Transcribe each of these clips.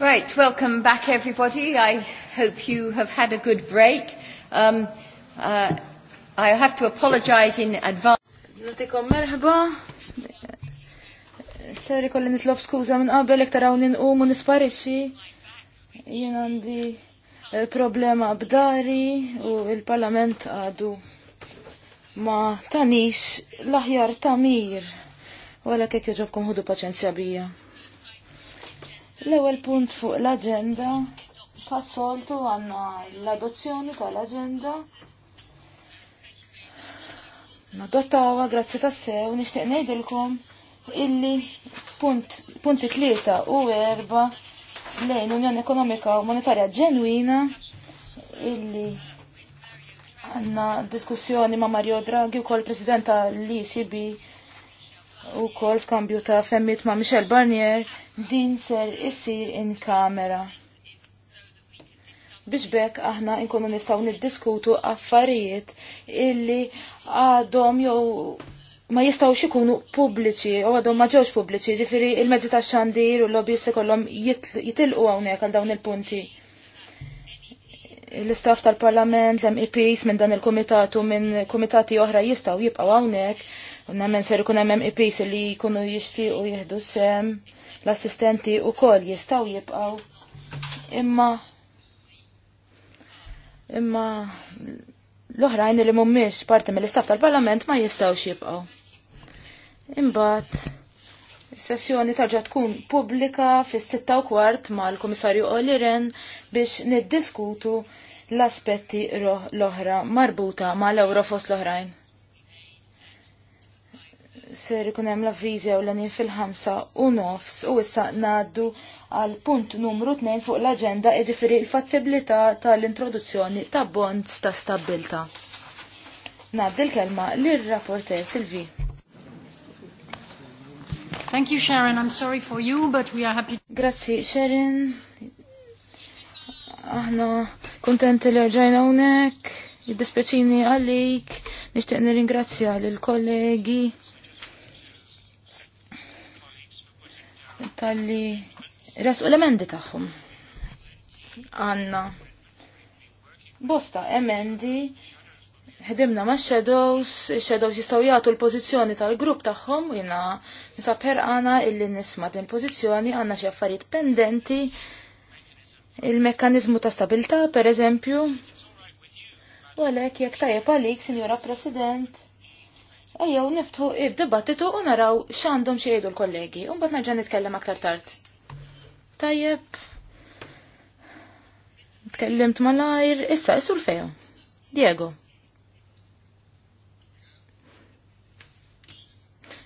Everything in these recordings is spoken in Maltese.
Right, welcome back everybody. I hope you have had a good break. Um, uh, I have to apologize in advance. Natikom kolli nitlob skuza minn qabel ek taraw ninqum u nisparixxi. Jien għandi eh, problema b'dari u il-Parlament għadu ma tanix l-aħjar tamir. Wala kek joġobkom ħudu paċenzja bija. L-ewwel punt fuq l-aġenda passoltu għandna l-adozzjoni tal-aġenda. Nadottawa grazzi tas-sew nixtieq ngħidilkom illi punt, punti tlieta u erba lejn Unjoni Ekonomika u Monetarja ġenwina illi għanna diskussjoni ma' Mario Draghi u kol prezidenta l-ICB u kol skambju ta' femmit ma' Michel Barnier din ser isir in kamera. Biex bekk aħna nkunu nistgħu niddiskutu affarijiet illi għadhom jew ma jistgħux ikunu pubbliċi u għadhom ma ġewx pubbliċi, ġifieri il-mezzi tax-xandir u lobby se kollhom jitilqu hawnhekk għal dawn il-punti. L-istaff tal-Parlament, l-MEPs minn dan il-komitatu minn komitati oħra jistgħu jibqgħu hawnhekk, nemmen ser ikun hemm MEPs li jkunu jixtiequ jieħdu sem l-assistenti u kol jistaw jibqaw imma imma l-oħrajn li mummiex parti mill-istaff tal-parlament ma jistaw jibqaw. Imbagħad sessjoni tarġa tkun pubblika fis-6 kwart mal-Kummissarju Oliren biex niddiskutu l-aspetti l-oħra marbuta mal-Eurofos l-oħrajn ser ikunem hemm l-avviżi u l fil-ħamsa u nofs u issa ngħaddu għal punt numru 2 fuq l-aġenda jiġifieri l-fattibilità tal-introduzzjoni ta' bonds ta' stabilta. Ngħaddi l-kelma l rapporter Silvi. Thank you, Sharon. I'm sorry for you, but we are happy. Grazzi, Sharon. Aħna kontenti li ġajna unek. Jiddispeċini għalik, nishtiq nirringrazzja l-kollegi tal-li resqu l-emendi tagħhom. Għanna bosta emendi ħedimna ma' shadows, shadows jistaw jagħtu l-pożizzjoni tal-grupp tagħhom jina nisabħer għana illi nisma' din pożizzjoni għandna xi affarijiet pendenti il-mekkaniżmu ta' stabilità, per eżempju. U għalhekk jekk tajjeb għalik, Signora President, ejjew niftħu id-dibattitu u naraw x'għandhom xi jgħidu l-kollegi, u mbagħad nerġa' nitkellem aktar tard. Tajjeb. Tkellimt malajr, issa, issu l-fejo. Diego.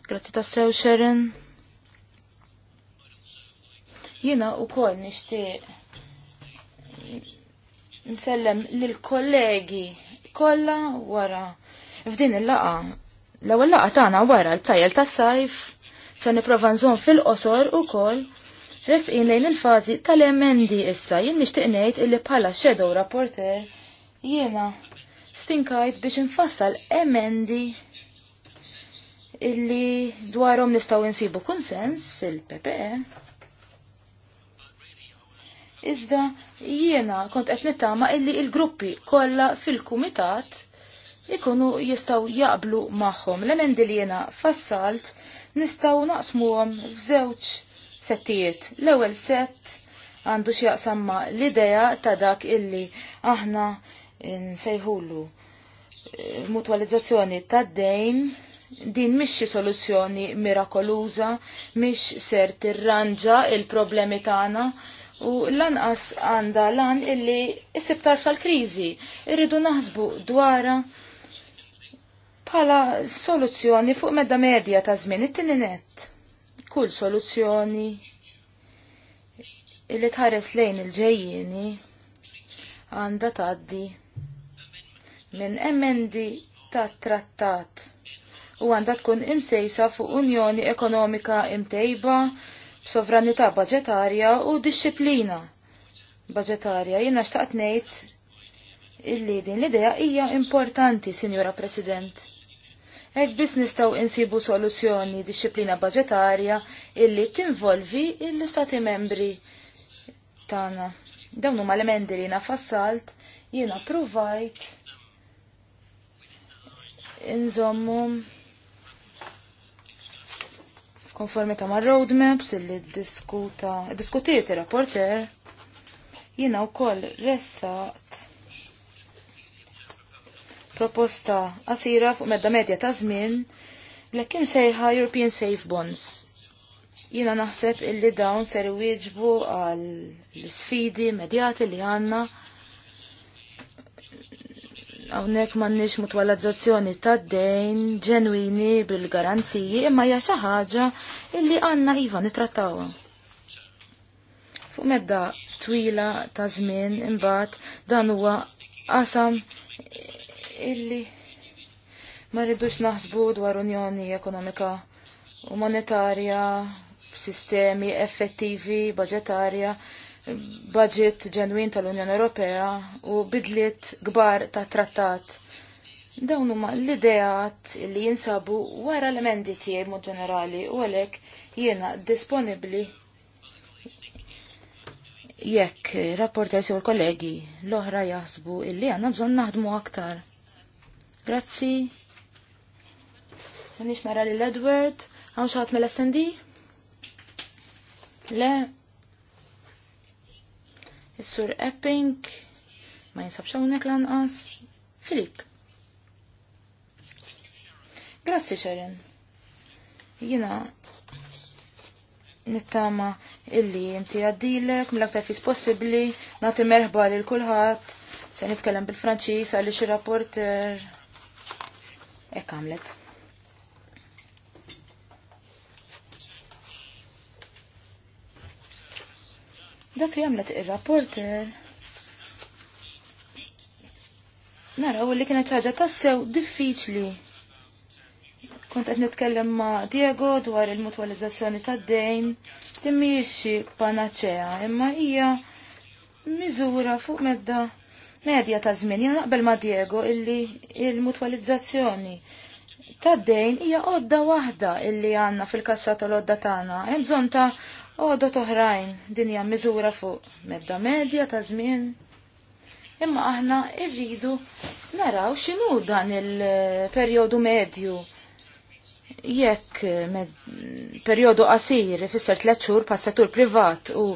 Grazzi ta' sew, Sharon. Jina u kol nishti nsellem lil kollegi kolla wara f'din il-laqa L-ewwel laqgħa tagħna wara l-tajjel tas-sajf se nipprova nżomm fil-qosor ukoll resqin lejn il-fażi tal-emendi issa jien nixtieq ngħid illi bħala shadow rapporter jiena stinkajt biex infassal emendi illi dwarhom nistgħu insibu kunsens fil-PPE. Iżda jiena kont qed nittama illi il-gruppi kollha fil-kumitat ikunu jistaw jaqblu magħhom. L-emendi li jena fassalt nistaw naqsmuhom f'żewġ settijiet. L-ewwel sett għandu x'jaqsam ma l-idea ta' dak illi aħna nsejħulu eh, mutwalizzazzjoni tad dejn din mhix xi soluzzjoni mirakoluża, mhix ser tirranġa il-problemi tagħna u lanqas għandha lan illi issib tarf tal-kriżi. Irridu naħsbu dwara bħala soluzzjoni fuq medda medja ta' żmien it-tieni Kull soluzzjoni illi tħares lejn il ġejjini għandha tgħaddi minn emendi ta' trattat u għandha tkun imsejsa fuq Unjoni Ekonomika imtejba b'sovranità budġetarja u disċiplina budġetarja. Jiena xtaqt ngħid illi din l-idea hija importanti, Sinjora President Hekk biss nistgħu insibu soluzzjoni disċiplina budgetarja illi tinvolvi l-istati membri tagħna. Dawn huma l-emendi li nafassalt jiena provajt inżommu konformita ma' roadmaps illi diskuta, diskutiet il-rapporter, jina u koll ressa proposta għasira fuq medda medja ta' żmien l ekkim sejħa European Safe Bonds. Jina naħseb illi dawn ser wieġbu għal sfidi medjati li għanna għawnek mannix mutwalazzazzjoni ta' dejn ġenwini bil-garanziji imma hija xi ħaġa illi għandna iva nitrattawha. Fuq medda twila ta' żmien imbagħad dan huwa qasam illi ma rridux naħsbu dwar unjoni ekonomika u monetarja, sistemi effettivi, budgetarja, budget ġenwin tal-Unjoni Ewropea u bidliet gbar ta' trattat. Dawn huma l-ideat li jinsabu wara l-emendi tiegħi mod ġenerali u għalhekk jiena disponibbli jekk rapporter sew kollegi l-oħra jaħsbu illi għandna bżonn naħdmu aktar. Grazzi. Għanix nara li l-Edward. Għan xaħat mill-SND? Mela Le. Is-sur Epping. Ma jinsabx hawnhekk lanqas. Filip. Grazzi, Sharon. Jina nittama illi inti għaddilek mill-aktar fis possibbli nagħti merħba lil kulħadd se nitkellem bil-Franċiż għaliex ir-rapporter Ek għamlet. Dak li għamlet il-rapporter naraw li kienet ċaġa tassew diffiċli. Kont qed nitkellem ma' Diego dwar il-mutwalizzazzjoni tad-dejn, timmiex Panacea imma hija miżura fuq medda medja ta' żmien jena naqbel ma' Diego illi il-mutwalizzazzjoni ta' dejn hija għodda waħda illi għanna fil-kassa tal-għodda tagħna. Hemm bżonn ta' għodda toħrajn din hija miżura fuq medda medja ta' żmien. Imma aħna rridu naraw x'inhu dan il-perjodu medju jekk med perjodu qasir ifisser tliet xhur pas settur privat u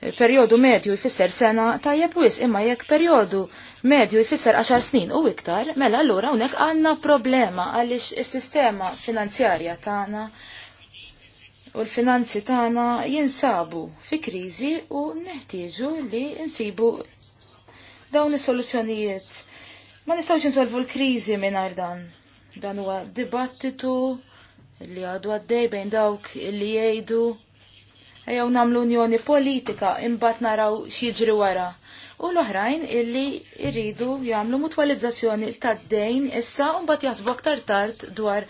perjodu medju jfisser sena tajjeb wis imma jekk perjodu medju jfisser 10 snin u iktar, mela allura hawnhekk għandna problema għaliex is-sistema finanzjarja tagħna u l-finanzi tagħna jinsabu fi kriżi u neħtieġu li jinsibu dawn is-soluzzjonijiet. Ma nistgħux insolvu l-kriżi mingħajr dan. Dan huwa dibattitu li għadu għaddej bejn dawk li jgħidu jew namlu unjoni politika imbagħad naraw x'jiġri wara. U l-oħrajn illi jridu jagħmlu mutwalizzazzjoni tad-dejn issa u mbagħad jaħsbu aktar tard dwar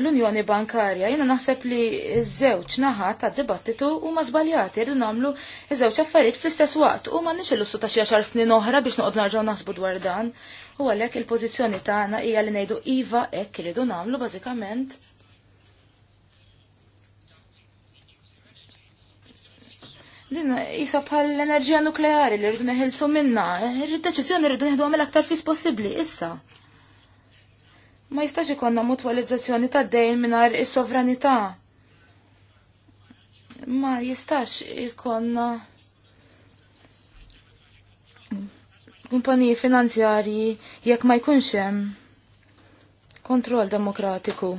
l-Unjoni Bankarja, Jiena naħseb li ż-żewġ naħat tad dibattitu huma żbaljati jridu nagħmlu ż-żewġ affarijiet fl-istess waqt u ma il illussu ta' xi għaxar snin oħra biex noqgħod narġgħu naħsbu dwar dan. U għalhekk il-pożizzjoni tagħna hija li ngħidu iva hekk irridu nagħmlu bażikament Isa bħal l-enerġija nukleari li rridu neħilsu minna, il-deċizjoni rridu neħdu għamil aktar fis possibli, issa. Ma jistax ikonna mutualizzazzjoni ta' dejn minar is-sovranità. Ma jistax ikonna kumpaniji finanzjarji jekk ma jkunx hemm kontroll demokratiku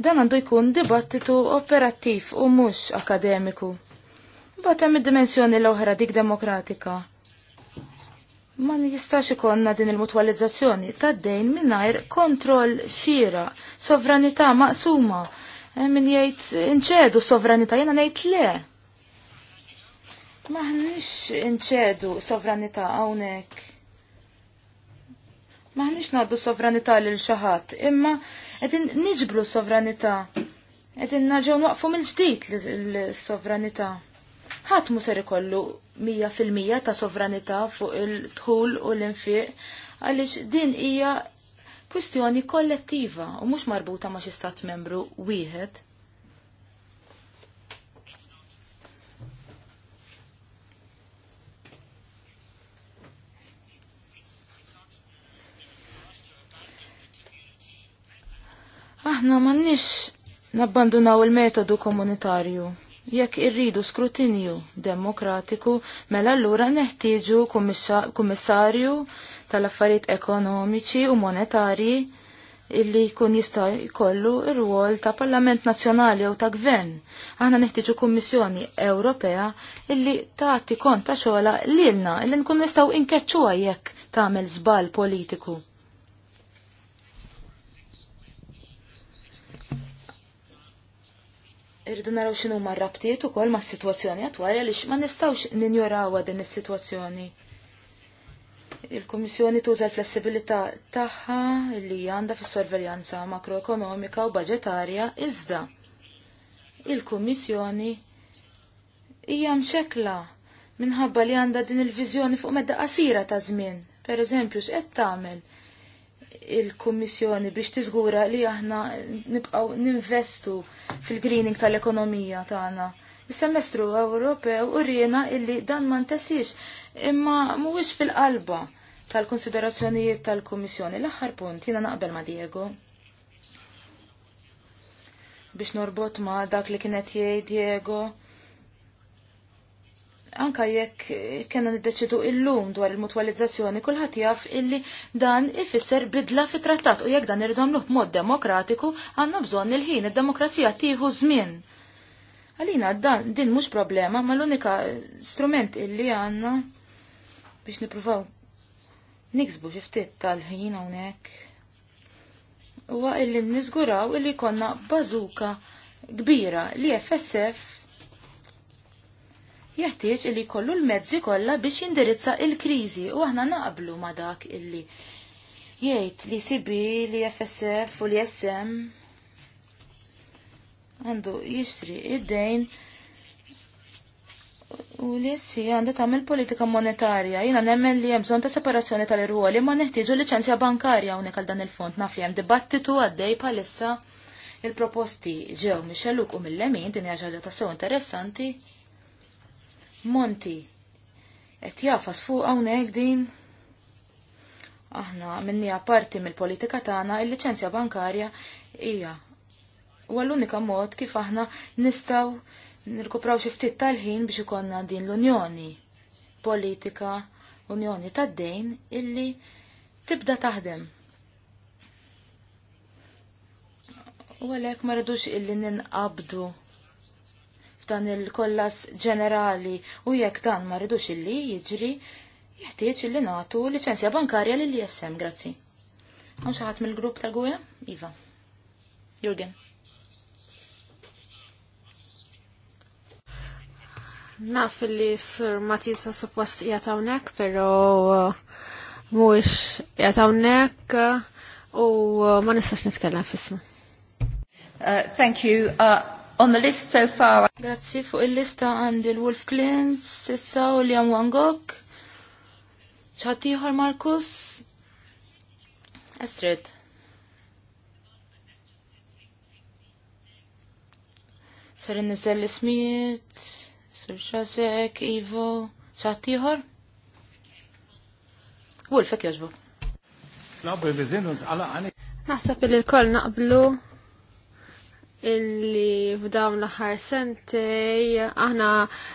dan għandu jkun dibattitu operattiv u mhux akademiku. Bat hemm id-dimensjoni l-oħra dik demokratika. Ma jistax ikonna din il-mutwalizzazzjoni tad-dejn mingħajr kontroll xira, sovranità maqsuma. Min jgħid inċedu sovranità, jiena ngħid le. Maħniex inċedu sovranità hawnhekk. Maħniex naddu sovranità lil xi ħadd, imma qegħdin niġbru sovranità. Qegħdin naġgħu nwaqfu mil ġdid l-sovranità. Ħadd mu ser ikollu 100% ta' sovranità fuq il-dħul u l-infiq għaliex din hija kwistjoni kollettiva u mhux marbuta ma' xi stat membru wieħed. Aħna m'għandniex nabbandunaw il-metodu komunitarju. Jekk irridu skrutinju demokratiku, mela allura neħtieġu kummissarju tal-affarijiet ekonomiċi u monetarji illi jkun jista' jkollu r wol ta' Parlament Nazzjonali jew ta' Gvern. Aħna neħtieġu Kummissjoni Ewropea illi tagħti kont ta' xogħla lilna illi nkun nistgħu inkeċċuha jekk tagħmel żball politiku. Irridu naraw xinu ma' rabtiet ukoll ma' situazzjoni attwali għaliex ma nistgħux ninjorawha din is-sitwazzjoni. Il-Kummissjoni tuża l-flessibilità tagħha li għandha fis-sorveljanza makroekonomika u budġetarja iżda il-Kummissjoni hija mxekla minħabba li għandha din il-viżjoni fuq medda qasira ta' żmien. Per x'qed tagħmel? il-Kummissjoni biex tiżgura li aħna nibqgħu ninvestu fil-greening tal-ekonomija tagħna. Is-semestru Ewropew urjena illi dan ma ntessix imma mhuwiex fil-qalba tal-konsiderazzjonijiet tal-Kummissjoni. L-aħħar punt jiena naqbel ma' Diego biex norbot ma' dak li kienet jgħid Diego anka jekk kena niddeċidu illum dwar il-mutualizzazzjoni kulħadd jaf illi dan ifisser bidla fi trattat u jekk dan irdomlu b'mod demokratiku għandna bżonn il-ħin id-demokrazija tieħu żmien. Għalina dan din mhux problema ma l-unika strument illi għandna biex nippruvaw niksbu xi ftit tal-ħin hawnhekk. Huwa illi niżguraw illi konna bażuka kbira li FSF jeħtieġ li kollu l-mezzi kollha biex jindirizza il-kriżi u aħna naqblu ma dak illi jgħid li sibi li FSF u li SM għandu jixtri id-dejn u li jessi għandu tagħmel politika monetarja. Jiena nemmen li hemm bżonn ta' separazzjoni tal-irwoli ma neħtieġu liċenzja bankarja hawnhekk għal dan il-fond naf li hemm dibattitu għaddej bħalissa il-proposti ġew Micheluk u mill-lemin din hija ta' sew interessanti Monti, qed jafas fuq hawnhekk din aħna minni parti mill-politika tagħna il-liċenzja bankarja hija u l-unika mod kif aħna nistaw nirkupraw xi ftit tal-ħin biex ikonna din l-Unjoni politika Unjoni tad-dejn illi tibda taħdem. U għalhekk ma rridux illi ninqabdu f'dan il-kollas ġenerali u jekk dan ma rridux illi jiġri, jeħtieġ illi nagħtu liċenzja bankarja lil ISM, grazzi. Għan xaħat mill-grupp tal guja Iva. Jurgen. Naf li Sir Matisa suppost jatawnek, pero uh, mux jatawnek uh, u uh, ma nistax nitkellem fisma. Uh, thank you. Uh, on the list so far. Grazzi fuq il-lista għandi l-Wolf Clint, Sissa u Liam Wangok. ċatiħor Markus. Astrid. Ser nizzel l-ismiet, Shazek, Ivo, ċatiħor. Wolf, ek joġbu. Naħseb il-kol naqblu illi f'dawn l-aħħar sentej aħna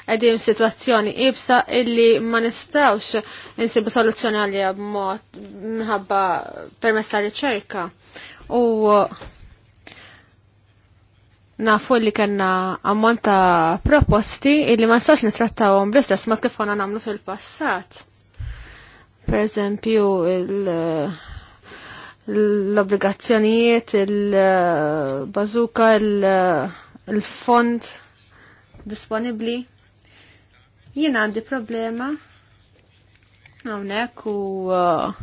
qegħdin situazzjoni ibsa illi ma nistgħux insibu soluzzjoni għalija b'mod minħabba permezz ta' riċerka. U nafu li kena ammonta proposti illi ma nistax nittrattawhom bl-istess mod kif konna nagħmlu fil-passat. Per eżempju il- l-obbligazzjonijiet, il-bazuka, il-fond disponibli. Jien għandi problema hawnhekk u uh,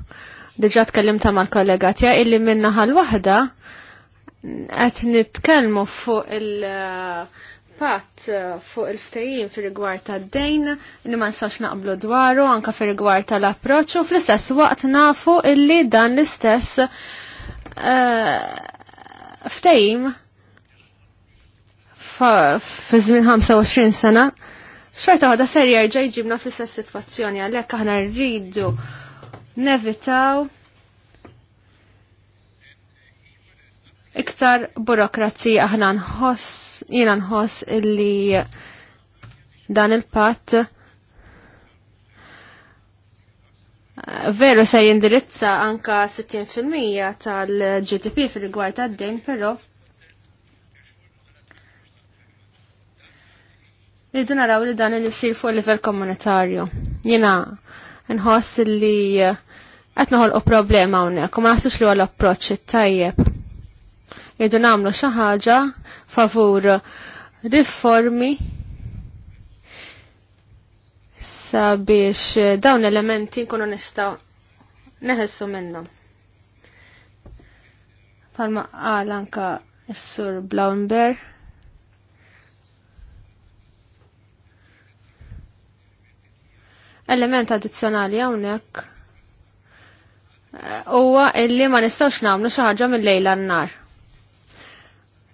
diġà tkellimta mal-kollega tja illi minnaħa l-waħda qed nitkellmu fuq il- uh, patt eh, fuq il-ftejjin fir rigward tad-dejn li ma nsax naqblu dwaru anka fi rigward tal-approċċ u fl-istess waqt nafu illi dan l-istess eh, ftajim fi żmien 25 sena xorta ħada ser jerġa' jġibna fl-istess sitwazzjoni għalhekk aħna rridu nevitaw iktar burokrazija aħna nħoss, jiena nħoss illi dan il-patt eh, veru se jindirizza anka 60% tal-GDP fil-rigward għad-dejn, però Rridu naraw li dan li sir fuq livell komunitarju. Jiena nħoss li eh, qed noħolqu problema hawnhekk u ma naħsux li huwa l-approċċ tajjeb jiddu nagħmlu xi ħaġa favur riformi sabiex dawn elementi nkunu nistgħu neħessu minnhom. Palma qal anka s-sur Blaunber. Element addizzjonali hawnhekk eh, huwa illi ma nistgħux nagħmlu xi ħaġa mill-lejla n-nar.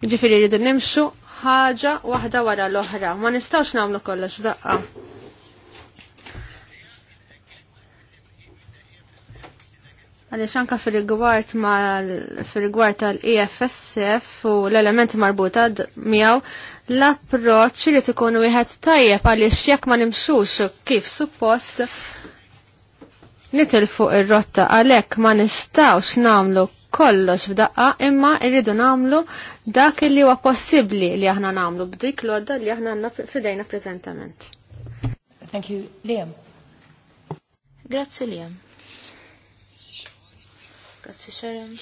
Ġifiri rridu nimxu ħaġa waħda wara l-oħra. Ma nistawx namlu kollox f'daqqa. Għaliex anka fil-rigward fil-rigward tal-EFSF u l-elementi marbuta miegħu l-approċċ li ikun wieħed tajjeb għaliex jekk ma nimxux kif suppost nitil fuq ir-rotta għalhekk ma nistax nagħmlu kollox f'daqqa imma irridu namlu dak li huwa possibbli li aħna namlu b'dik l-għodda li aħna għandna fidejna preżentament. Thank you, Liam. Grazzi Liam. Grazzi Sharon.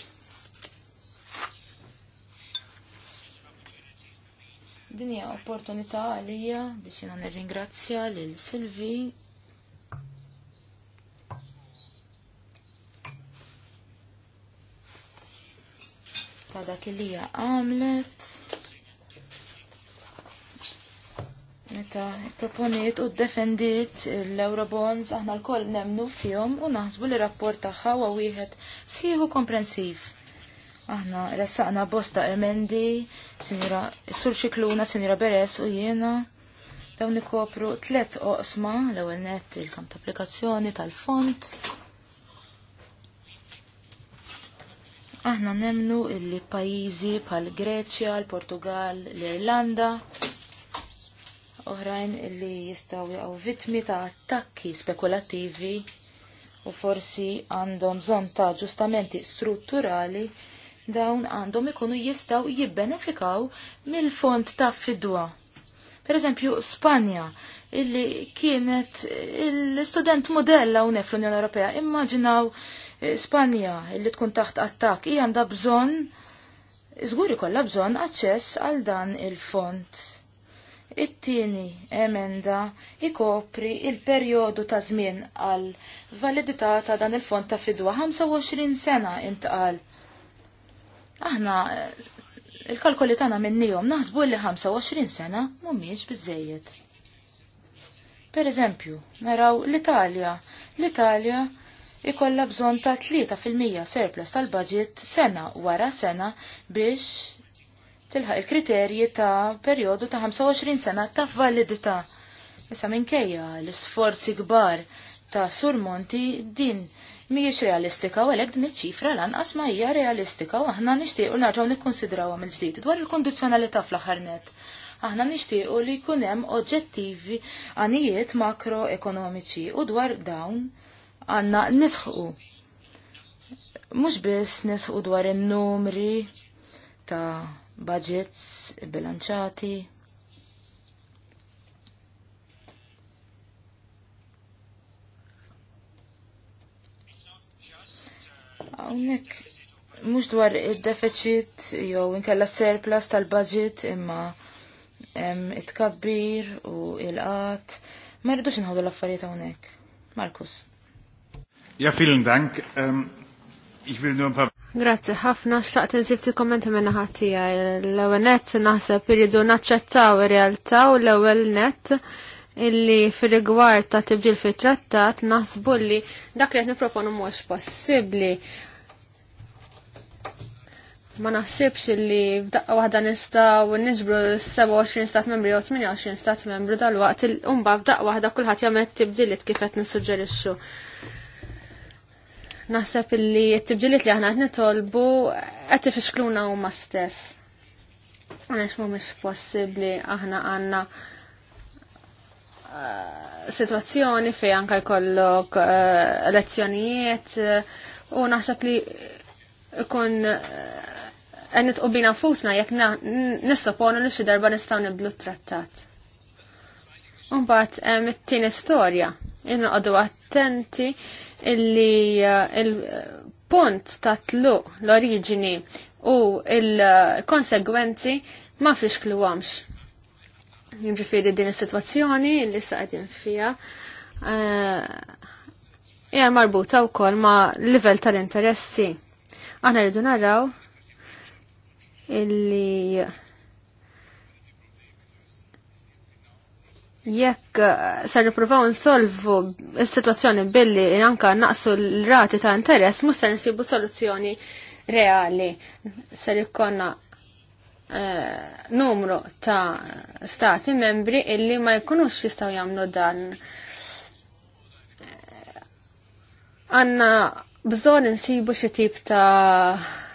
Dinja opportunità għalija biex jena nirringrazzja lil Silvi dak kellija għamlet. Meta proponiet u defendiet l-Eurobonds aħna l-koll nemnu fihom u naħsbu li rapport tagħha u wieħed sieħu komprensiv. Aħna ressaqna bosta emendi, sinjura Sur Xikluna, Sinjura Beres u jiena. Dawn kopru tlet oqsma l-ewwel nett il-kamp applikazzjoni tal-font Aħna nemnu illi pajizi bħal Greċja, l-Portugal, l-Irlanda, oħrajn illi jistaw jaqgħu vittmi ta' attakki spekulattivi u forsi għandhom bżonn ta' ġustamenti strutturali dawn għandhom ikunu jistaw jibbenefikaw mill-fond ta' fidwa. Per eżempju, Spanja, illi kienet l-student modella hawnhekk fl-Unjoni Ewropea, immaġinaw Spanja li tkun taħt attak hija għandha bżonn zguri kolla bżonn aċċess għal dan il-font. It-tieni emenda ikopri il-perjodu ta' żmien għal validità ta' dan il-font ta' fidwa 25 sena intqal. Aħna eh, il-kalkoli tagħna minnihom naħsbu li 25 sena mhumiex biżejjed. Per eżempju, naraw l-Italja. L-Italja ikolla bżon ta' 3% surplus tal-budget sena wara sena biex tilħaq il-kriterji ta' perjodu ta' 25 sena ta' validità. Issa minkejja l-sforzi kbar ta' surmonti din mhijiex realistika u għalhekk din iċ-ċifra lanqas ma hija realistika u aħna nixtiequ narġgħu nikkonsidrawha mill-ġdid dwar il-kondizzjonalità fl-aħħar net. Aħna nixtiequ li jkun hemm oġġettivi għanijiet makroekonomiċi u dwar dawn għanna nisħu. Mux biss nisħu dwar il-numri ta' budgets bilanċati. Għonek, mux dwar il-deficit, jew inkella surplus tal-budget imma it-kabbir u il-qat. Ma rridux nħawdu l-affarijiet hawnhekk. Markus. Ja, vielen Dank. Ähm, ich will nur ein paar... Grazie, ħafna xtaqt nżif ti kommenti minna ħatija. L-ewel net naħseb irridu naċċettaw ir-realtà u l-ewel net illi fil-rigward ta' tibdil fil-trattat naħsbu li dak li qed niproponu mhux possibbli. Ma naħsibx li f'daqqa waħda nistgħu nġbru 27 stat membri u 28 stat membru dal-waqt il-umba f'daqqa waħda kulħadd jagħmel tibdilit kif qed nissuġġerixxu. Naħseb illi t tibġiliet li aħna qed nitolbu qed u huma stess. mu mhumiex possibbli aħna għandna eh, situazzjoni fej anka jkollok eh, elezzjonijiet eh, u naħseb li kun għenit u bina fusna jek nissoponu li xi darba nistgħu niblu trattat. Umbat, it-tieni storja inqadu attenti illi uh, il-punt uh, ta' tluq l-oriġini u il-konsegwenzi ma fixkluwamx. Ġifiri din is-sitwazzjoni li saqegħdin fija uh, hija marbuta wkoll ma' livell tal-interessi. Aħna rridu naraw illi jekk eh, sar nipruvaw nsolvu s-situazzjoni billi anka naqsu l-rati ta' interess, mhux sar nsibu soluzzjoni reali. Ser ikkonna eh, numru ta' stati membri illi ma jkunux jistgħu jagħmlu dan. Għanna bżon nsibu xi tip ta'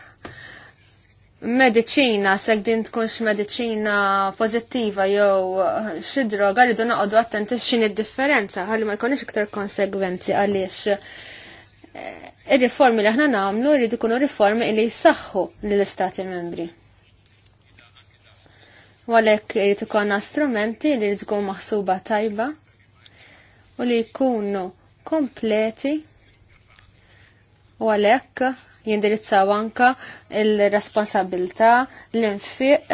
mediċina, se din tkunx mediċina pozittiva jew xi droga rridu noqogħdu attenti id differenza ħalli ma jkunx iktar konsegwenzi għaliex eh, ir-riformi li aħna nagħmlu jridu kunu riformi li jsaħħu lill-Istati membri. Walek jrid ikolna strumenti li jrid ikun maħsuba tajba u li jkunu kompleti u għalhekk jindirizzaw anka il-responsabilità, l-infiq,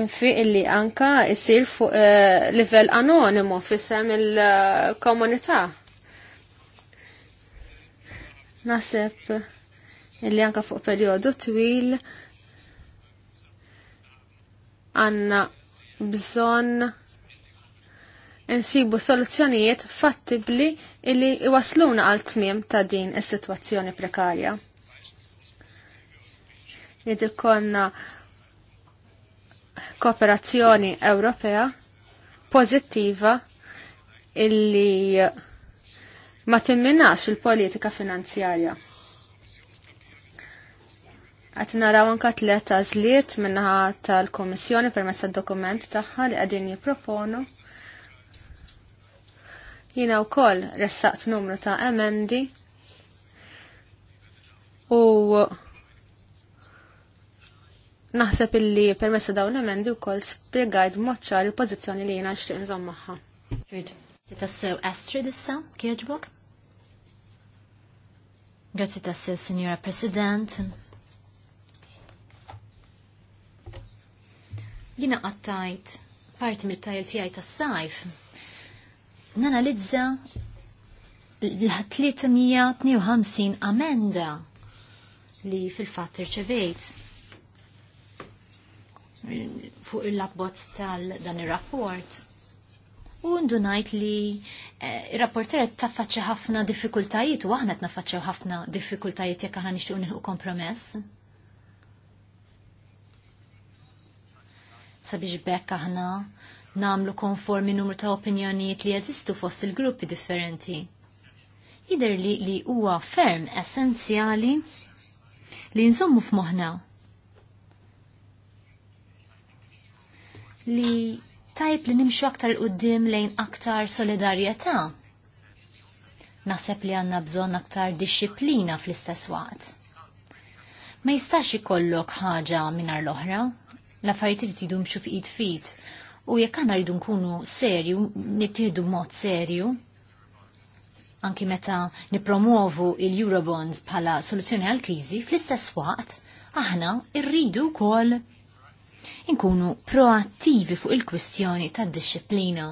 infiq li anka jisir fuq eh, livell anonimo fissem il-komunità. Nasib illi anka fuq periodu twil għanna bżonn insibu soluzzjonijiet fattibli illi iwasluna għal tmiem ta' din is-sitwazzjoni prekarja. Jid konna kooperazzjoni Ewropea pożittiva illi ma timminax il-politika finanzjarja. Għat naraw anka tlet għażliet minnaħa tal-Komissjoni permezz tad dokument tagħha li qegħdin jipproponu Jina u koll ressaqt numru ta' emendi u naħseb illi permessa dawn emendi u koll spiegajt moċċar il-pozizjoni li jina xtiq nżom maħħa. Grazie tassew Astrid issa, kieġbok? Grazzi tassew, Signora President. Jina qattajt parti mit-tajl tijaj tas-sajf nanalizza l-352 amenda li fil-fatt irċevejt fuq il-labbozz tal-dan il-rapport. U ndunajt li eh, il-rapporter qed faċċa ħafna diffikultajiet u aħna na' faċċa ħafna diffikultajiet jekk aħna nixtiequ nilħu kompromess. Sabiex bekk aħna namlu konformi numru ta' opinjonijiet li jeżistu fost il-gruppi differenti. Jider li li huwa ferm essenzjali li nżommu f'moħna. Li tajb li nimxu aktar qoddim lejn aktar solidarjetà. Naseb li għanna bżonn aktar disċiplina fl-istess waqt. Ma jistax ikollok ħaġa minar l-oħra, l-affarijiet li tidum xu fit fit U jekk għanna rridu nkunu serju, nittieħdu mod serju, anki meta nipromuovu il-Eurobonds bħala soluzzjoni għal kriżi fl-istess waqt aħna rridu wkoll inkunu proattivi fuq il-kwistjoni tad-disciplina.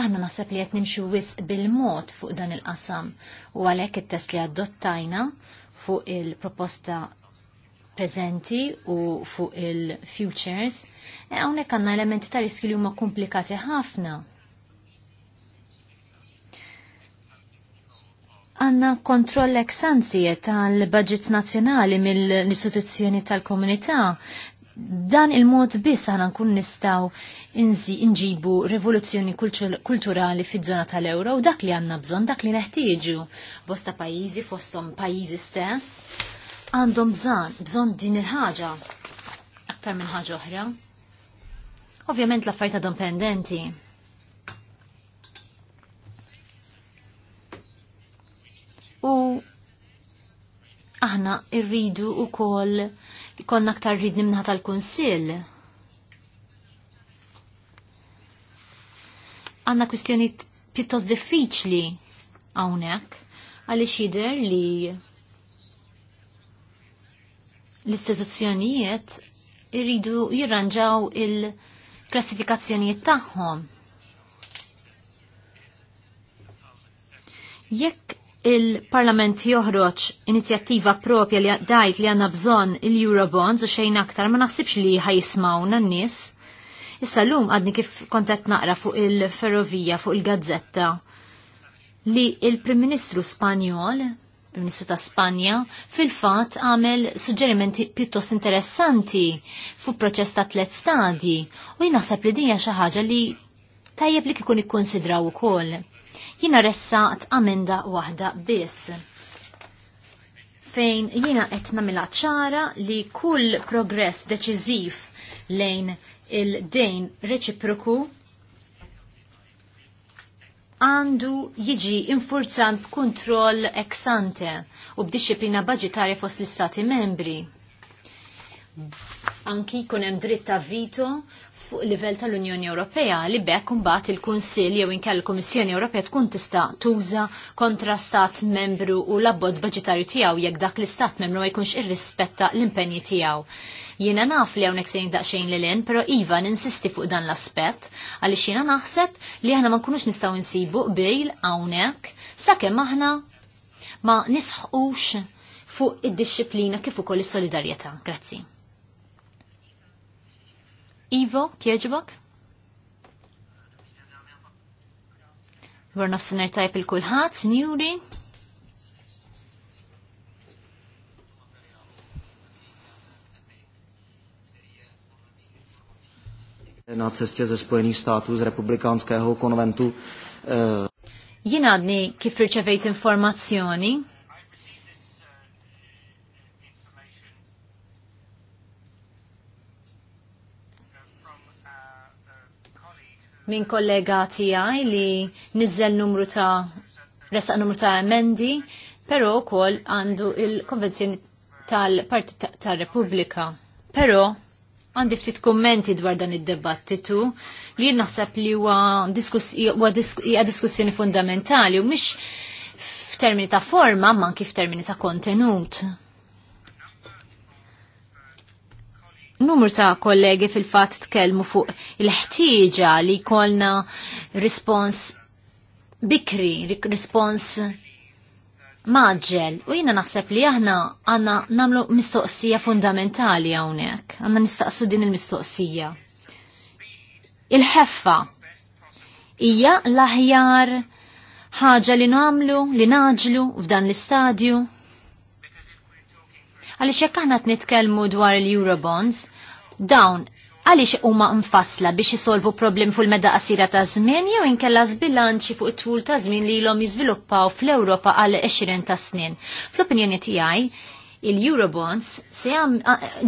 Aħna naħseb li qed nimxu wisq bil-mod fuq dan il-qasam u għalhekk it-test li adottajna fuq il-proposta preżenti u fuq il-futures, e hawnhekk għandna elementi ta' riski li huma komplikati ħafna. Għanna kontroll eksanzje tal-budget nazzjonali mill-istituzzjoni tal-komunità dan il-mod biss għana nkun nistaw nġibu rivoluzzjoni kulturali fi zona tal-Euro u dak li għanna bżon, dak li neħtieġu bosta pajizi fostom pajizi stess għandhom bżon, bżon din il-ħaġa aktar minn ħaġa oħra. Ovvjament l-affarijiet għadhom pendenti. U aħna irridu u koll ikon aktar ridni nimnaħat tal-kunsill. Għanna kwistjoni pjuttost diffiċli għawnek għalix jider li l-istituzzjonijiet irridu jirranġaw il-klassifikazzjonijiet tagħhom. Jekk il-Parlament joħroġ inizjattiva propja li dajt li għanna bżon il-Eurobonds u xejn aktar ma naħsibx li ħajismawna n-nies. Issa l-lum għadni kif kontet naqra fuq il-ferrovija, fuq il-gazzetta, li il-Prim Ministru Spanjol Ministru ta' Spanja, fil-fat għamel suġġerimenti pjuttost interessanti fu proċess ta' tlet stadji u jinaħseb li dinja xi ħaġa li tajjeb li kikun ikkonsidraw ukoll. Jiena ressaqt amenda waħda biss fejn jina qed nagħmilha ċara li kull progress deċiżiv lejn il-dejn reċiproku għandu jiġi infurzan b'kontroll ex ante u b'disciplina budgetarja fost l-istati membri. Anki jkun hemm dritt vito fuq livell tal-Unjoni Ewropea li bekk imbagħad il-Kunsill jew inkella l-Kummissjoni Ewropea tkun tista' tuża kontra stat membru u l-abbozz budġetarju tiegħu jekk dak l-istat membru ma jkunx irrispetta l-impenji tiegħu. Jiena naf li hawnhekk se daqsxejn lil hinn, però iva ninsisti fuq dan l-aspett għaliex jiena naħseb li aħna ma nkunux nistgħu nsibu qbil hawnhekk sakemm aħna ma nisħqux fuq id-disciplina kif ukoll is-solidarjetà. Grazzi. Ivo, kieġbok? Għor nafsinar tajp il-kulħat, snjuri. na cestě ze Spojených států z republikánského konventu. Eh, Jien għadni kif irċevejt informazzjoni minn kollega tiegħi li niżel numru ta' resta numru ta' emendi, però wkoll għandu il-konvenzjoni tal parti tar repubblika Però għandi ftit kummenti dwar dan id-debattitu li naħseb li huwa diskussjoni fundamentali u mhix f'termini ta' forma ma kif f'termini ta' kontenut. numru ta' kollegi fil-fat tkellmu fuq il-ħtieġa li kolna rispons bikri, rispons maġġel. U jina naħseb li aħna għanna namlu mistoqsija fundamentali għawnek. Għanna nistaqsu din il-mistoqsija. Il-ħeffa hija l-aħjar ħaġa li namlu, li naġlu f'dan l-istadju Għaliex jekk aħna nitkellmu dwar il-Eurobonds, dawn għaliex huma mfassla biex isolvu problem fuq il-meda qasira ta' żmien jew inkella żbilanċi fuq it-tul ta' żmien li ilhom jiżviluppaw fl-Ewropa għal 20 ta' snin. Fl-opinjoni tiegħi, il-Eurobonds se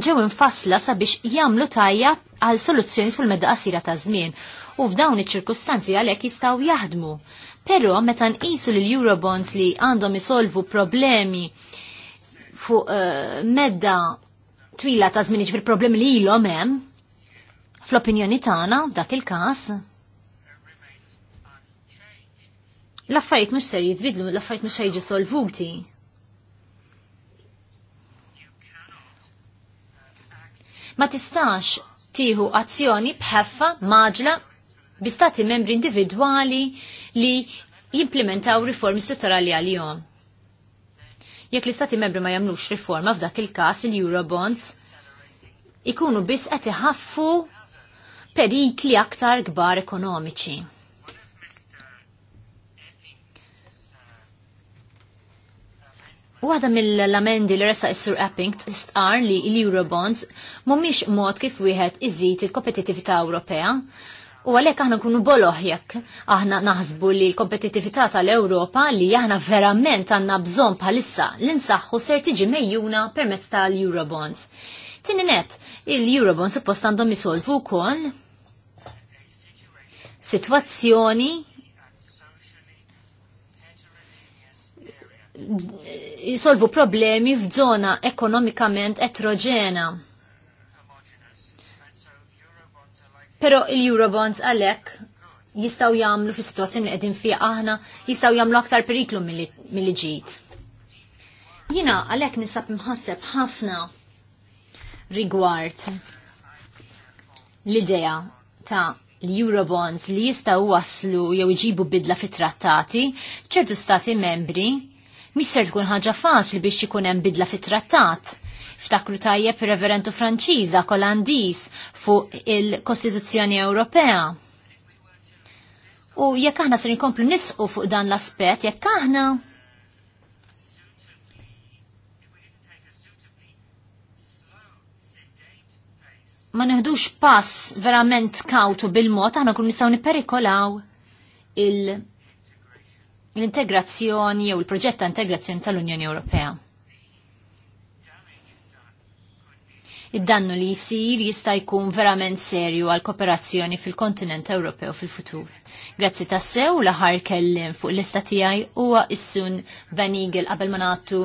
ġew infassla sabiex jagħmlu tajja għal soluzzjoni fil-medda qasira ta' żmien u f'dawn iċ-ċirkustanzi għalhekk jistgħu jaħdmu. Però meta nqisu l eurobonds li għandhom isolvu problemi fuq eh, medda twila ta' żmien fil problemi li ilhom hemm, fl-opinjoni tagħna f'dak il-każ l-affarijiet mhux ser jitbidlu, l-affarijiet mhux se jiġu solvuti. Ma tistax tieħu azzjoni bħeffa maġla bi stati membri individwali li jimplementaw riformi strutturali għal-jom Jekk l-istati membri ma jagħmlux riforma f'dak il-każ il-Eurobonds ikunu biss qed iħaffu perikli aktar kbar ekonomiċi. U għada mill-lamendi li resa s-sur Epping istqar li l-Eurobonds mumiex mod kif wieħed iżid il-kompetitività Ewropea, U għalhekk aħna nkunu boloħ jekk aħna naħsbu li l kompetitività tal-Ewropa li aħna verament għandna bżonn bħalissa l insaxħu ser tiġi mejjuna permezz tal-Eurobonds. Tini net, il-Eurobonds suppost għandhom jisolvu wkoll sitwazzjoni jisolvu problemi f'żona ekonomikament eterogena. Pero il-Eurobonds għalek jistaw jamlu fi situazzjoni li qegħdin fija aħna, jistaw jamlu aktar periklu mill-li ġiet. Jina għalek nisab mħasseb ħafna rigward l-idea ta' l-Eurobonds li jistaw waslu jew iġibu bidla fit trattati ċertu stati membri, mis ser tkun ħaġa faċli biex ikun hemm bidla fit trattat ftakru tajjeb reverentu Franċiża Kolandis fuq il-Kostituzzjoni Ewropea. U jekk aħna ser inkomplu nisqu fuq dan l-aspett, jekk aħna ma neħdux pass verament kawtu bil-mod aħna kun nistgħu nipperikolaw il-integrazzjoni jew il-proġett ta' integrazzjoni tal-Unjoni Ewropea. id-dannu li jisir jista' jkun verament serju għal kooperazzjoni fil-kontinent Ewropew fil-futur. Grazzi tassew l-aħar kellim fuq l-istatijaj huwa issun Benigel qabel ma nagħtu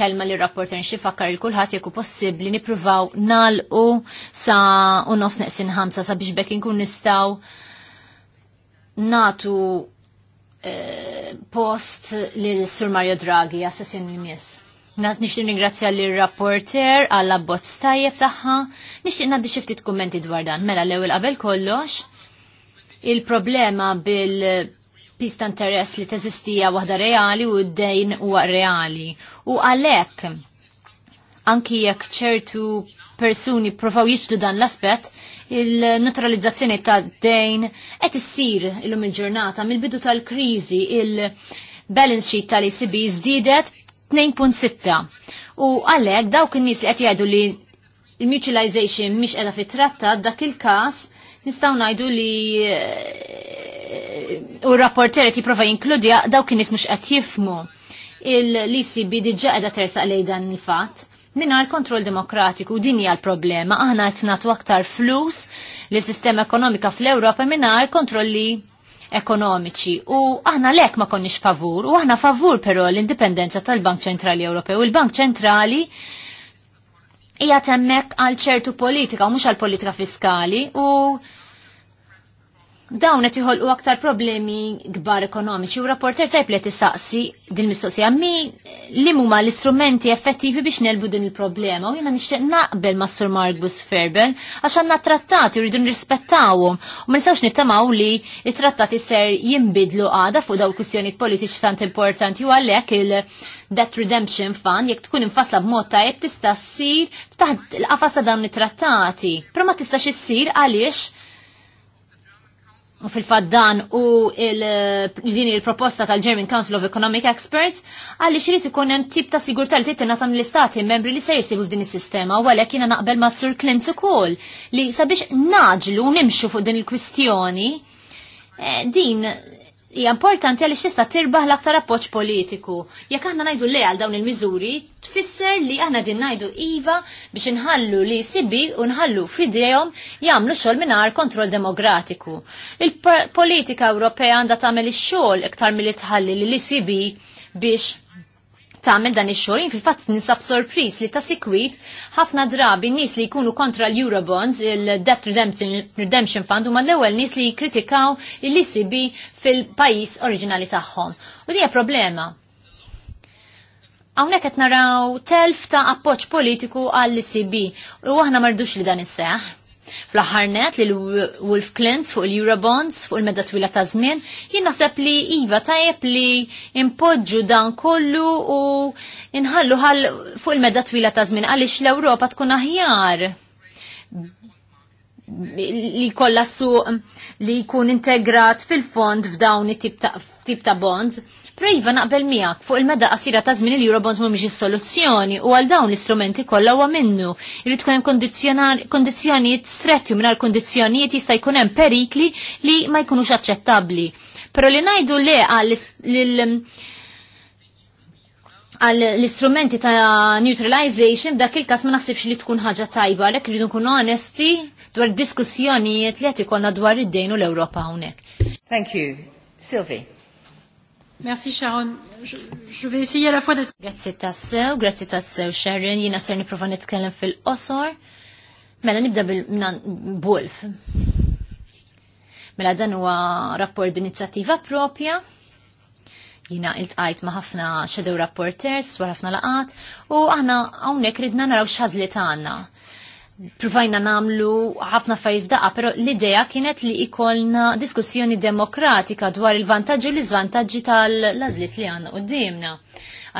kelma li rapporter fakkar il kulħadd jekk possibbli nippruvaw nalqu sa u nofs neqsin ħamsa sabiex bekin kun nistgħu natu eh, post li Sur Mario Draghi għas sessjoni nies. Nixtieq ningrazzja lir rapporter għal abbozz tajjeb tagħha, nixtieq ngħaddi xi ftit kummenti dwar dan. Mela l-ewwel qabel kollox, il-problema bil pista interess li teżistija waħda reali u d-dejn huwa reali. U għalhekk anki jekk ċertu persuni provaw jiġdu dan l-aspet, il-neutralizzazzjoni ta' dejn qed issir illum il-ġurnata mill-bidu tal-kriżi il-balance sheet tal-ECB żdiedet 2.6. U għalek dawk in li qed jgħidu li il-mutualization mhix qiegħda fit-tratta dak il-każ nistgħu ngħidu li eh, u rapporter qed jipprova jinkludja dawk in-nies mhux qed jifmu il-ECB diġà qiegħda tersaq lej dan il-fatt mingħajr kontroll demokratiku din hija l-problema aħna qed nagħtu aktar flus li sistema ekonomika fl-Ewropa mingħajr kontrolli ekonomiċi u aħna lek ma konniex favur u aħna favur però l-indipendenza tal-Bank Ċentrali Ewropew. Il-Bank Ċentrali hija temmek għal ċertu politika u mhux għal politika fiskali u dawn qed iħolqu aktar problemi kbar ekonomiċi u rapporter tajb li tissaqsi din mistoqsija mi li huma l-istrumenti effettivi biex nelbu din il-problema u jiena nixtieq naqbel ma' Sur Margus Ferber għax għandna trattati rridu nirrispettawhom u ma nistgħux nittamaw li t-trattati ser jinbidlu għada fuq daw kwistjonijiet politiċi tant importanti u għalhekk il-Debt Redemption Fund jekk tkun infasla b'mod tajb tista' ssir taħt l-qafas ta' dawn it-trattati. Però ma tistax issir għaliex fil faddan dan u din il-proposta tal-German Council of Economic Experts għalli xirrit ikun hemm tip ta' sigurta li tittina tam l-istati membri li se jisibu f'din is-sistema u għalhekk jiena naqbel ma' Sur Clint ukoll li sabiex naġlu nimxu fuq din il-kwistjoni eh, din hija importanti għaliex tista' tirbaħ l-aktar appoġġ politiku. Jekk aħna ngħidu le għal dawn il-miżuri, tfisser li aħna din ngħidu iva biex inħallu li sibi u nħallu fidejhom jagħmlu xogħol mingħajr kontroll demokratiku. Il-politika Ewropea għandha tagħmel ix-xogħol iktar milli tħalli li sibi biex tagħmel dan ix-xogħol fil-fatt ninsab sorpriż li ta' sikwit ħafna drabi nies li jkunu kontra l-Eurobonds, il-Debt Redemption Fund huma l-ewwel nies li jikkritikaw il ecb fil-pajjiż oriġinali tagħhom. U dija problema. Hawnhekk qed naraw telf ta' appoġġ politiku għall-ECB u aħna mardux li dan is Fl-aħħar li l-Wolf Clans fuq l eurobonds fuq il-medda twila ta' żmien, jien naħseb li iva tajjeb li impoġġu dan kollu u inħallu ħall fuq il-medda twila ta' żmien għaliex l-Ewropa tkun aħjar li kollha suq li jkun integrat fil-fond f'dawn it-tip ta' bonds Rejva naqbel miegħek fuq il-meda qasira ta' żmien il-Eurobonds mhumiex is-soluzzjoni u għal dawn l-istrumenti kollha huwa minnu. Irid tkun hemm kondizzjonijiet stretti mingħajr kondizzjonijiet jista' jkun hemm perikli li ma jkunux aċċettabbli. Però li ngħidu le għal għal l-istrumenti ta' neutralization dak il-kas ma naħsibx li tkun ħaġa tajba, għalek rridu nkunu onesti dwar diskussjonijiet li qed konna dwar id-dejn u l ewropa hawnhekk. Thank you. Sylvie. Merci Sharon. Je, je vais essayer à la fois d'être... Grazie tassew, grazie tassew Sharon, jina ser niprofa nitkellem fil-qosor. Mela nibda bil-Wolf. Mela dan huwa rapport b'inizjattiva propja. Jina il-tqajt ma' ħafna shadow rapporters wara ħafna laqat u aħna hawnhekk ridna naraw x'ħażlet għandna provajna namlu ħafna fajf daqa, pero l-idea kienet li ikolna diskussjoni demokratika dwar il-vantagġi u l-izvantagġi tal-lazlit li għanna u dimna.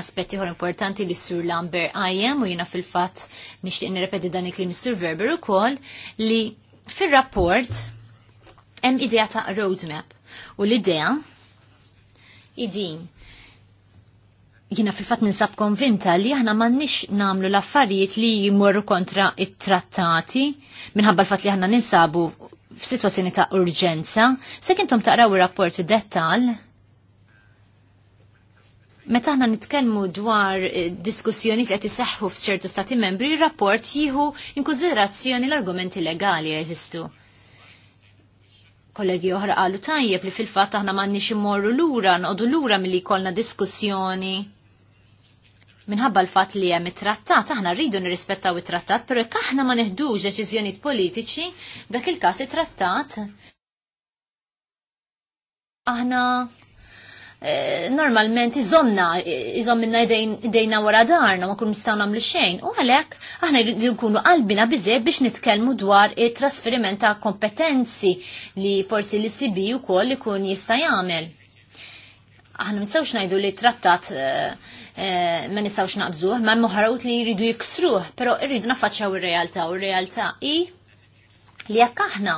Aspetti ħor importanti li sur Lambert għajem u jina fil-fat nishtiq nirrepeti dan il-klim sur Verber u kol li fil-rapport hemm idea ta' roadmap u l-idea idin jina fil-fat ninsab konvinta li aħna nix namlu l-affarijiet li jimurru kontra it-trattati minħabba l-fat li aħna ninsabu f'sitwazzjoni ta' urġenza. Se kintom taqraw ir-rapport fid-dettal, Meta aħna nitkellmu dwar eh, diskussjoni li qed iseħħu f'ċertu stati membri, ir-rapport jieħu inkużerazzjoni l-argumenti legali jeżistu kollegi oħra qalu tajjeb li fil-fatt aħna m'għandniex immorru lura, nqogħdu lura milli jkollna diskussjoni minħabba l-fat li hemm it-trattat, aħna rridu nirrispettaw it-trattat, però jekk aħna ma neħdux deċiżjonijiet politiċi, dak il-każ it-trattat aħna eh, normalment iżomna, iżomminna idejna wara darna, ma kun nistaw namlu xejn. U għalek, aħna rridu nkunu qalbina biżej biex nitkellmu dwar it-trasferiment ta' kompetenzi li forsi li sibi u koll li kun jista' jagħmel aħna nistgħux ngħidu li trattat eh, eh, ma nistgħux naqbżuh, ma moħarawt li jridu jiksruh, però rridu nafaċċaw ir-realtà u r-realtà hi li jekk aħna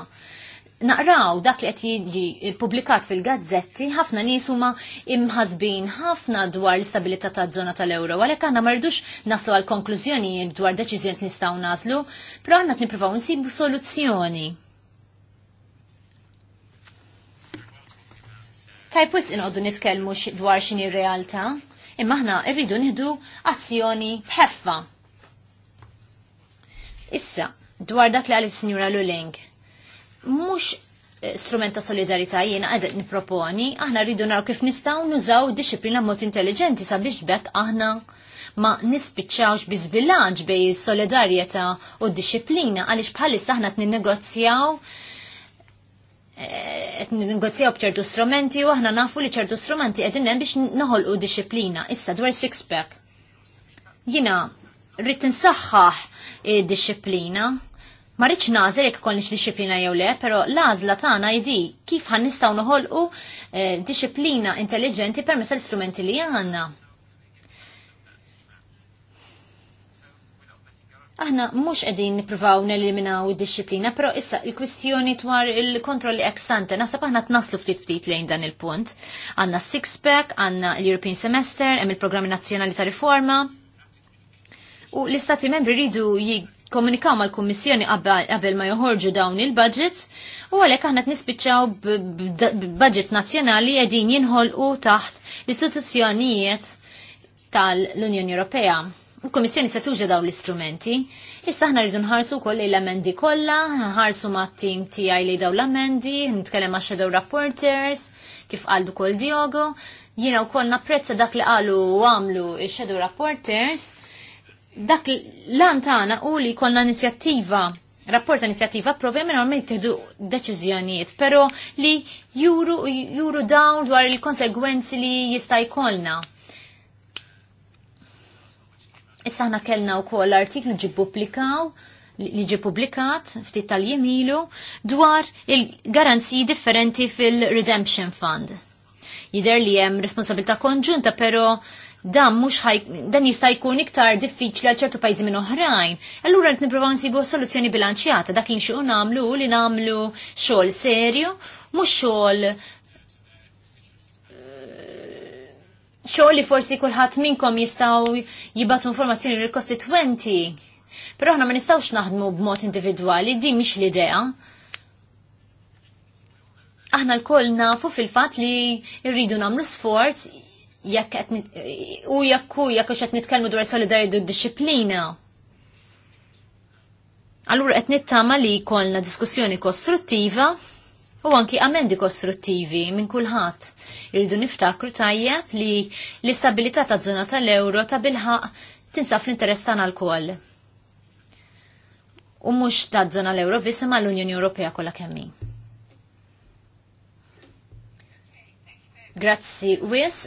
naqraw dak li qed jiġi publikat fil-gazzetti, ħafna nies huma imħasbin ħafna dwar l-istabilità taż-żona tal-ewro, għalhekk aħna ma naslu għal konklużjonijiet dwar deċiżjoni nistgħu naslu, però aħna qed nippruvaw nsibu soluzzjoni Tajb wis inqogħdu nitkellmu dwar x'inhi realtà imma aħna rridu nieħdu azzjoni bħeffa. Issa, dwar dak li għalit Sinjura Luling, mhux eh, strument ta' solidarità jiena għedet niproponi, aħna rridu naraw kif nistgħu nużaw disciplina mod intelligenti sabiex bekk aħna ma nispiċċawx bi bej solidarjetà u d-disciplina għaliex bħalissa aħna t ninnegozjaw qed negozjaw b'ċertu strumenti u aħna nafu li ċertu strumenti qegħdin hemm biex noħolqu disciplina. Issa dwar six pack. Jina rrid insaħħaħ eh, disciplina. Ma rridx nażel jekk ikollniex disciplina jew le, però l-għażla tagħna jdi kif ħan nistgħu noħolqu eh, disciplina intelligenti permezz l-istrumenti li għandna. aħna mhux qegħdin nippruvaw neliminaw id-disciplina, però issa il-kwistjoni dwar il-kontrolli ex ante, nasab aħna tnaslu ftit ftit lejn dan il-punt. Għandna six pack, għandna l-European Semester, hemm il-Programmi Nazzjonali ta' Riforma. U l-Istati membri ridu jikkomunikaw mal-Kummissjoni qabel ma joħorġu dawn il-budgets u għalhekk aħna tnispiċċaw b'budgets nazzjonali qegħdin jinħolqu taħt l-istituzzjonijiet tal-Unjoni Ewropea u komissjoni se tuġa daw l-istrumenti. Issa ħna rridu nħarsu koll l-amendi kollha, nħarsu ma' tim tiegħi li daw l-amendi, nitkellem ma' shadow rapporters, kif għaldu kol Diogo. Jiena wkoll napprezza dak li qalu għamlu xedaw rapporters. Dak l lan tagħna u li kollna inizjattiva rapport inizjattiva problemi minn għamil tiħdu deċiżjonijiet, pero li juru, juru dawn dwar il-konsegwenzi li jista' jkollna Issa ħna kellna wkoll l-artiklu ġi publikaw li ġi publikat ftit tal-jemilu dwar il-garanziji differenti fil-Redemption Fund. Jider li hemm responsabilità konġunta, pero dan mhux dan jista' jkun iktar diffiċli għal ċertu pajjiżi minn oħrajn. Allura qed nippruvaw nsibu soluzzjoni bilanċjata dak li nxiequ nagħmlu li nagħmlu xogħol serju, mhux xogħol xo li forsi kulħadd minkom jistgħu jibgħatu informazzjoni kosti kostitwenti. Pero aħna ma nistgħux naħdmu b'mod individwali, din mhix l-idea. Aħna l-koll nafu fil-fatt li rridu nagħmlu sforz jekk qed u jekk u jekk qed nitkellmu dwar solidarju u disciplina. Allura qed nittama li jkollna diskussjoni kostruttiva u anki amendi kostruttivi minn kulħadd. Irridu niftakru tajjeb li l-istabilità ta' żona tal-euro ta' bilħaq tinsaf l-interess tagħna l U mhux ta' żona l-euro biss l-Unjoni Ewropea kollha kemm Grazzi, Wis.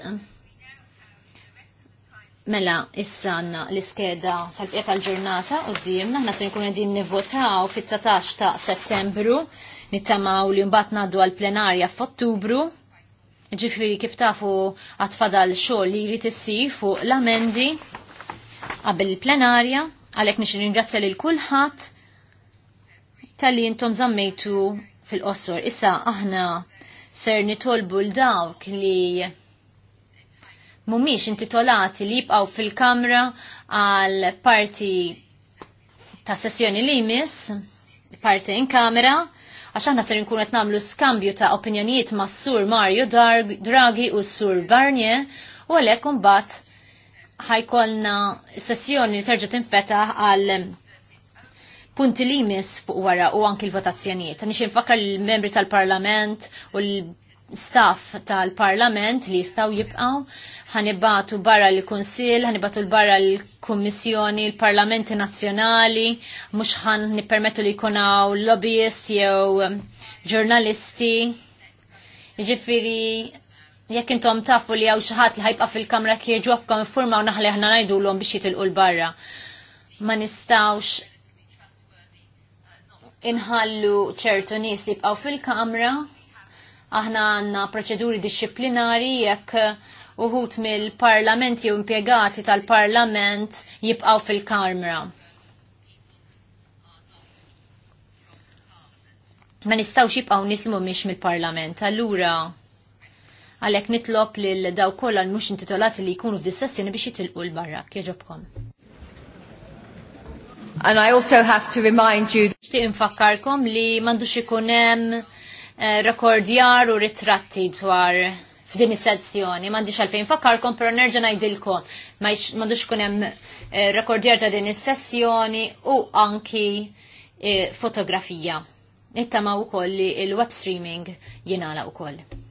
Mela, issanna l-iskeda tal-bqija tal-ġurnata u d-dimna, ħna se nkun għedin nivotaw fit-19 ta' settembru, nittamaw li mbagħad ngħaddu għal-plenarja f'Ottubru, ġifiri kif tafu l xogħol li jrid fu fuq l-amendi qabel il-plenarja, għalhekk nixin ringrazzja lil kulħadd tal-li jintom zammejtu fil qossor Issa aħna ser nitolbu l-dawk li mumiex intitolati li jibqaw fil-kamra għal parti ta' sessjoni li jmiss, parti in kamera, għax aħna ser nkun qed nagħmlu skambju ta' opinjonijiet ma' sur Mario Draghi u sur Barnier u għalhekk imbagħad ħajkolna sessjoni li terġa' tinfetaħ għal punti li jmiss fuq wara u anki l-votazzjonijiet. Nix infakkar l-membri tal-Parlament u l staff tal-parlament li jistaw jibqaw, ħanibatu barra l-Kunsil, ħanibatu l-barra l-Kommissjoni, l-Parlamenti Nazzjonali, mux ħan nipermetu li jkunaw lobbyist jew um, ġurnalisti. Ġifiri, jekk intom tafu li għaw xaħat li ħajbqa fil-kamra kieġuħabkom informaw naħli ħna najdu l-om biex jitilqu l-barra. Ma nistawx inħallu ċertu nis li fil-kamra Aħna għanna proċeduri disċiplinari jekk uħut mill-parlamenti u impiegati tal-parlament jibqaw fil-kamra. ma nistawx jibqaw nislimu miex mill-parlament. Allura, għalek nitlob lil daw kollha mhux intitolati li jkunu f'dissessjoni biex jitilqu l-barra. Jogħġobkom. And I also have to remind you Xti infakkarkom li m'għandux ikun hemm Eh, rekordjar u ritratti dwar f'din is-sezzjoni, m'għandix għalfejn fakkarkom per nerġa' ngħidilkom m'għandux kun hemm eh, rekordjar ta' din is-sessjoni u anki eh, fotografija. Ittama wkoll li l-web streaming jingħala wkoll.